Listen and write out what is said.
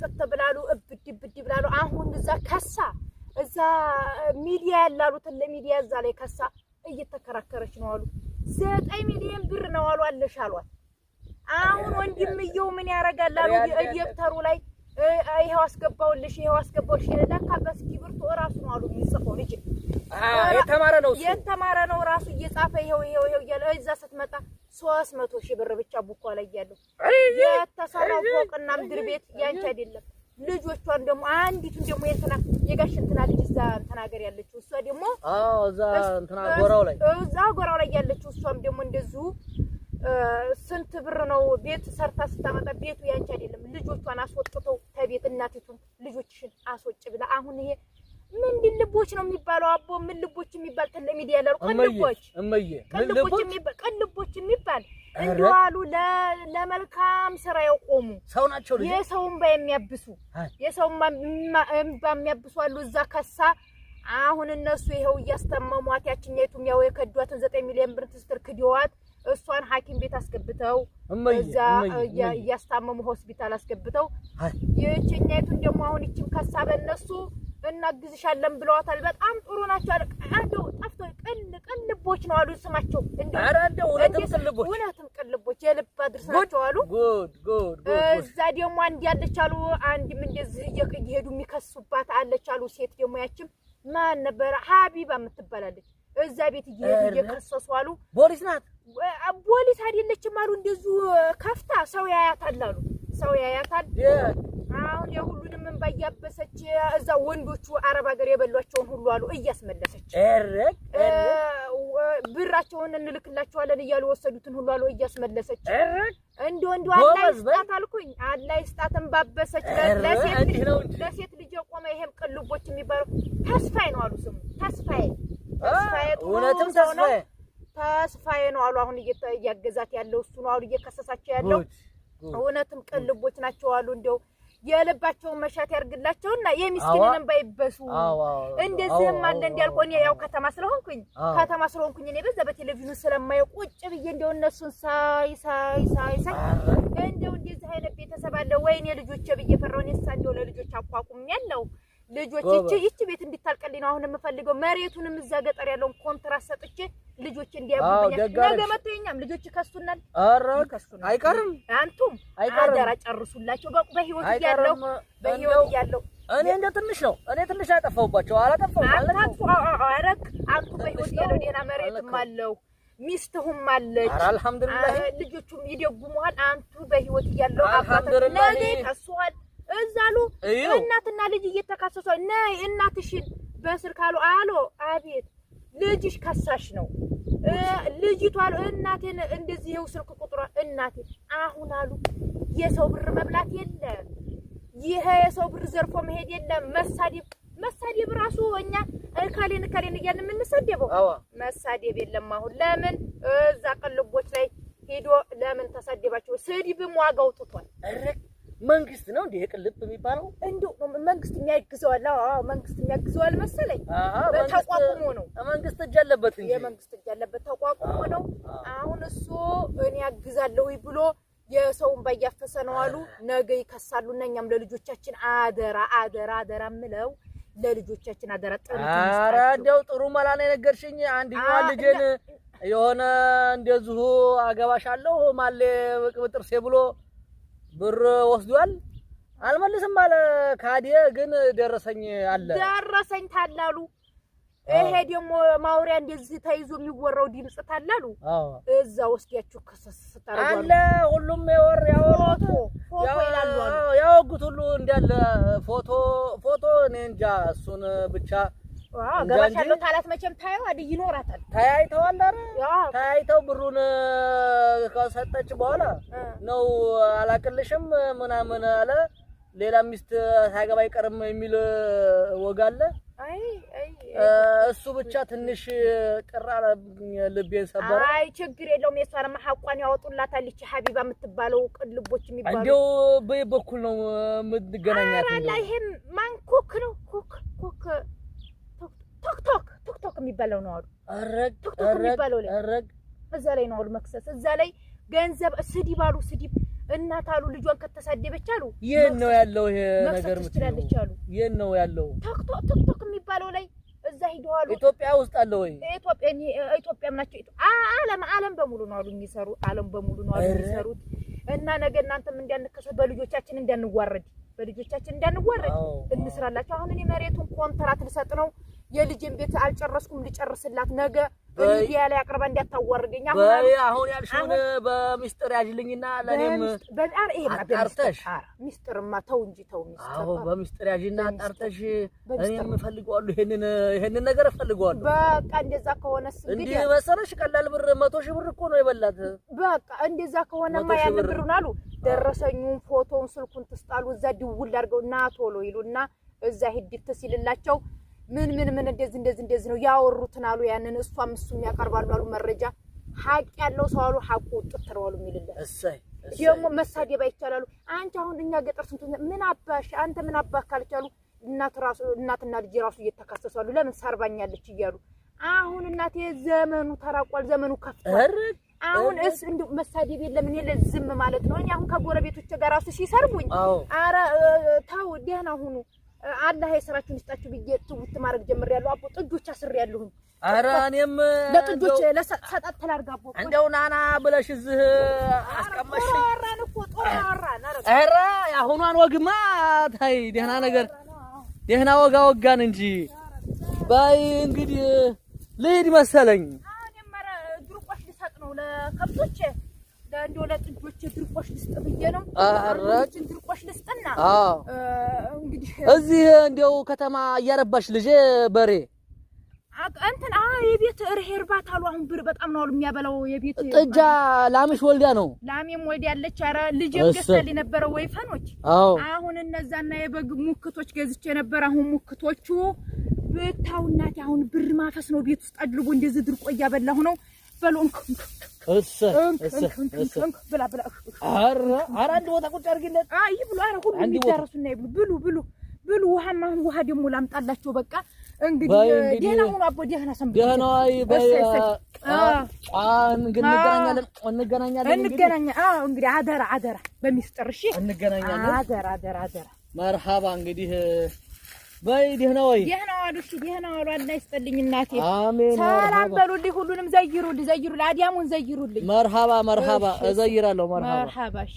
ጭጥት ብላሉ እብድ ብድ ብላሉ። አሁን እዛ ከሳ እዛ ሚዲያ ያላሉትን ለሚዲያ እዛ ላይ ከሳ እየተከራከረች ነው አሉ። ዘጠኝ ሚሊዮን ብር ነው አሉ አለሽ አሏት። አሁን ወንድምየው ምን ያደርጋል አሉ ዶክተሩ ላይ ይሄው አስገባውልሽ ይሄው አስገባውልሽ ለካ በእስክሪብቶ እራሱ ነው አሉ የሚጽፈው ልጅ የተማረ ነው እሱ የተማረ ነው ራሱ እየጻፈ ይሄው ይሄው ይሄው እያለ እዛ ስትመጣ ሶስት መቶ ሺህ ብር ብቻ ቡኳ ላይ ያለው የተሰራው ፎቅና ምድር ቤት ያንቺ አይደለም። ልጆቿን ደግሞ አንዲቱን ደግሞ የእንትና የጋሽ እንትና ልጅ እዛ እንትና ሀገር ያለችው እሷ ደግሞ እዛ እንትና ጎራው ላይ እዛ ጎራው ላይ ያለችው እሷም ደግሞ እንደዚሁ ስንት ብር ነው ቤት ሰርታ ስታመጣ ቤቱ ያንቺ አይደለም። ልጆቿን አስወጥተው ከቤት እናቲቱን ልጆችሽን አስወጭ ብላ አሁን ይሄ ምንድን ልቦች ነው የሚባለው? አቦ ምን ልቦች የሚባል ለሚዲያ ያለው ቅልቦች ቅልቦች የሚባል እንዲሁ አሉ። ለመልካም ስራ የቆሙ ሰው ናቸው። የሰው እምባ የሚያብሱ የሰው እምባ የሚያብሱ አሉ። እዛ ከሳ አሁን እነሱ ይኸው እያስተመሟት ያችኛይቱም ያው የከዷትን ዘጠኝ ሚሊዮን ብር ትስትር ክዲዋት እሷን ሐኪም ቤት አስገብተው እዛ እያስታመሙ ሆስፒታል አስገብተው ይችኛይቱን ደግሞ አሁን ይችም ከሳ በእነሱ እናግዝሻለን ብለዋታል። በጣም ጥሩ ናቸው አለ። እንደው ጠፍቶ ቅል ቅልቦች ነው አሉ ስማቸው። እውነትም ቅልቦች የልብ አድርስ ናቸው አሉ። እዛ ደግሞ አንድ ያለች አሉ። አንድም እንደዚህ እየሄዱ የሚከሱባት አለች አሉ። ሴት ደግሞ ያችም ማን ነበረ ሀቢባ የምትባላለች እዛ ቤት እየሄዱ እየከሰሱ አሉ። ፖሊስ ናት ፖሊስ አይደለችም አሉ። እንደዚሁ ከፍታ ሰው ያያታል አሉ። ሰው ያያታል አሁን የሁሉንም እንባ እያበሰች እዛ ወንዶቹ አረብ ሀገር የበሏቸውን ሁሉ አሉ እያስመለሰች ብራቸውን እንልክላቸዋለን እያሉ ወሰዱትን ሁሉ አሉ እያስመለሰች እንዲ እንዲ አላይ ስጣት አልኩኝ። አላይ ስጣትን ባበሰች ለሴት ልጅ የቆመ ይሄም ቅልቦች የሚባለው ተስፋዬ ነው አሉ ስሙ ተስፋዬ ተስፋዬ እውነትም ተስፋዬ ተስፋዬ ነው አሉ። አሁን እያገዛት ያለው እሱ ነው አሉ እየከሰሳቸው ያለው እውነትም ቅልቦች ናቸው አሉ እንደው የልባቸውን መሻት ያርግላቸውና የሚስኪንን ባይበሱ ይበሱ። እንደዚህም አለ እንዲያልቆን ያው ከተማ ስለሆንኩኝ ከተማ ስለሆንኩኝ እኔ በዛ በቴሌቪዥኑ ስለማየው ቁጭ ብዬ እንደው እነሱን ሳይ ሳይ ሳይ ሳይ እንደው እንደዚህ አይነት ቤተሰብ አለ ወይኔ ልጆቼ ብዬ ፈራሁ። እኔሳ እንደው ለልጆች አቋቁም ያለው ልጆች ይቺ ቤት እንዲታልቀልኝ ነው አሁን የምፈልገው። መሬቱንም እዛ ገጠር ያለውን ኮንትራት ሰጥቼ ልጆች እንዲያቡኛል ነገ መተኛም ልጆች ከሱናል። ኧረ አይቀርም፣ አንቱም አይቀርም። አደራ ጨርሱላቸው። በህይወት እያለሁ በህይወት እያለሁ እኔ እንደ ትንሽ ነው እኔ ትንሽ አጠፋሁባቸው። አላጠፋሁም አላጠፋሁ አረግ አንቱ በህይወት እያለሁ ሌላ መሬትም አለው ሚስትሁም አለች። አልሐምዱሊላህ ልጆቹም ይደጉመዋል። አንቱ በህይወት እያለሁ አባታችሁ ነገ ከሷል እዛሉ እናትና ልጅ እየተካሰሷል። ነይ እናትሽን በስልክ አሉ አሎ አቤት ልጅሽ ከሳሽ ነው። ልጅቷ እናቴን እንደዚህ ይኸው ስልክ ቁጥሯ እናቴ አሁን አሉ የሰው ብር መብላት የለም። ይሄ የሰው ብር ዘርፎ መሄድ የለም። መሳደብ መሳደብ ራሱ እኛ እከሌን እከሌን እያልን የምንሰደበው መሳደብ የለም። አሁን ለምን እዛ ቅልቦች ላይ ሄዶ ለምን ተሰደባቸው? ስድብም ዋጋው ትቷል። መንግስት ነው እንዴ የቅልብ የሚባለው እንዴ መንግስት የሚያግዘዋል። አዎ መንግስት የሚያግዘዋል መሰለኝ። ተቋቁሞ ነው መንግስት እጅ አለበት እንጂ የመንግስት እጅ አለበት ተቋቁሞ ነው። አሁን እሱ እኔ ያግዛለሁ ብሎ የሰውን ባያፈሰ ነው አሉ። ነገ ይከሳሉ እና እኛም ለልጆቻችን አደራ አደራ አደራ ምለው ለልጆቻችን አደራ ጥሩ ኧረ እንደው ጥሩ መላ ነው የነገርሽኝ። አንድኛዋ ልጄን የሆነ እንደዚሁ አገባሻለሁ ማሌ ቅብጥርሴ ብሎ ብር ወስዷል። አልመልስም አለ ካዴ። ግን ደረሰኝ አለ ደረሰኝ ታላሉ። ይሄ ደግሞ ማውሪያ እንደዚህ ተይዞ የሚወራው ድምጽ ታላሉ። እዛ ወስዳችሁ ክስ ስታረጉ አለ ሁሉም የወር ያወሩት ፎቶ ይላሉ ያወጉት ሁሉ እንዳለ ፎቶ ፎቶ እኔ እንጃ እሱን ብቻ ገባሽ አለው ካላት መቼም ታየው አድይ ይኖራታል። ተያይተዋል። ኧረ ተያይተው ብሩን ከሰጠች በኋላ ነው አላቅልሽም ምናምን አለ። ሌላ ሚስት ሳገባ አይቀርም የሚል ወግ አለ። እሱ ብቻ ትንሽ ቅር ልቤን ሰበረ። አይ ችግር የለውም የእሷን ሀቋን ያወጡላታል። ይቺ ሀቢባ የምትባለው ቅልቦች የሚባሉ እንዲያው በይ በኩል ነው የምትገናኛት። ይሄም ማን ኮክ ነው ኮክ ኮክ ቶክቶክ ቶክቶክ የሚባለው ነው አሉ። ቶክቶክ የሚባለው ላይ እዛ ላይ ነው አሉ መክሰስ እዛ ላይ ገንዘብ ስዲብ አሉ ስዲብ እናት አሉ ልጇን ከተሳደበች አሉ ይሄን ነው ያለው። ይሄ ነገር ምትላለች አሉ ይሄን ነው ያለው። ቶክቶክ ቶክቶክ የሚባለው ላይ እዛ ሂደዋሉ። ኢትዮጵያ ውስጥ አለ ወይ? ኢትዮጵያ ኢትዮጵያ ምናቸው ዓለም ዓለም በሙሉ ነው አሉ የሚሰሩ ዓለም በሙሉ ነው አሉ የሚሰሩት። እና ነገ እናንተም እንዳንከሰ በልጆቻችን እንዳንዋረድ በልጆቻችን እንዳንዋረድ እንስራላቸው። አሁን እኔ መሬቱን ኮንትራት ልሰጥ ነው የልጅን ቤት አልጨረስኩም፣ ልጨርስላት ነገ ሚዲያ ላይ አቅርባ እንዳታዋርደኝ። አሁን ያልሽውን በሚስጥር ያዥልኝና ይሄ አጣርተሽ ሚስጥርማ ተው እንጂ ተው። ሚስጥር። አዎ በሚስጥር ያዥና አጣርተሽ እኔም እፈልገዋለሁ፣ ይሄንን ይሄንን ነገር እፈልገዋለሁ። በቃ እንደዛ ከሆነስ እንግዲህ መሰለሽ ቀላል ብር መቶ ሺህ ብር እኮ ነው የበላት። በቃ እንደዛ ከሆነማ ያን ብር ናሉ ደረሰኙን፣ ፎቶውን፣ ስልኩን ትስጣሉ። እዛ ድውል አድርገው እና ቶሎ ይሉና እዛ ሂድት ሲልላቸው ምን ምን ምን እንደዚህ እንደዚህ እንደዚህ ነው ያወሩትን አሉ። ያንን እሷም እሱም ያቀርባሉ አሉ መረጃ ሀቅ ያለው ሰው አሉ ሀቁ ውጥት ነው አሉ የሚልለት ደግሞ መሳደብ አይቻላሉ። አንቺ አሁን እኛ ገጠር ስንቱ ምን አባሽ አንተ ምን አባሽ ካልቻሉ እናት ራሱ እናትና ልጅ ራሱ እየተካሰሱ አሉ። ለምን ሰርባኛለች እያሉ አሁን እናቴ ዘመኑ ተራቋል። ዘመኑ ከፍቷል። አሁን እስ እንዲ መሳደብ የለም እኔ ለዝም ማለት ነው። እኔ አሁን ከጎረቤቶች ጋር ራሱ ሲሰርቡኝ አረ ተው ደህና ሁኑ አላህ የስራችሁን ይስጣችሁ ብዬ ትውት ማድረግ ጀምሬያለሁ። አቦ ጥጆች አስሬያለሁኝ። ኧረ እኔም ለጥጆች ለሰጣት ተላርጋቦ እንደው ናና ብለሽ እዚህ አስቀመሽ። ኧረ የአሁኗን ወግማ ታይ ደህና ነገር ደህና ወጋ ወጋን እንጂ ባይ እንግዲህ ልሂድ መሰለኝ። እኔም ኧረ ድርቆሽ ልሰጥ ነው ለከብቶቼ አንድ ወለ ጥጆች ድርቆሽ ልስጥ ብዬ ነው። አራችን ድርቆሽ ልስጥና እንግዲህ እዚህ እንዲያው ከተማ እያረባሽ ልጄ በሬ እንትን የቤት እርሄ እርባት አሉ። አሁን ብር በጣም ነው የሚያበላው። የቤት ጥጃ ላምሽ ወልዳ ነው ላሜም ወልዳ ያለች። ኧረ ልጄም ገዝተልኝ ነበረ ወይፈኖች። አሁን እነዛና የበግ ሙክቶች ገዝቼ ነበር። አሁን ሙክቶቹ ብታው እናቴ፣ አሁን ብር ማፈስ ነው ቤት ውስጥ አድልቦ እንደዚህ ድርቆ እያበላሁ ነው በሎ ላምጣላቸው። በቃ እንግዲህ አደራ አደራ፣ በሚስጥር እሺ። እንገናኛለን። አደራ አደራ አደራ። መርሀባ እንግዲህ በይ ደህና ወይ ደህና ዋሉ። እሺ ደህና ዋሉ። አላህ ይስጥልኝ እናቴ። አሜን። ሰላም በሉልኝ። ሁሉንም ዘይሩልኝ፣ ዘይሩልኝ። አዲያሙን ዘይሩልኝ። መርሃባ መርሃባ፣ እዘይራለሁ። መርሃባ መርሃባ። እሺ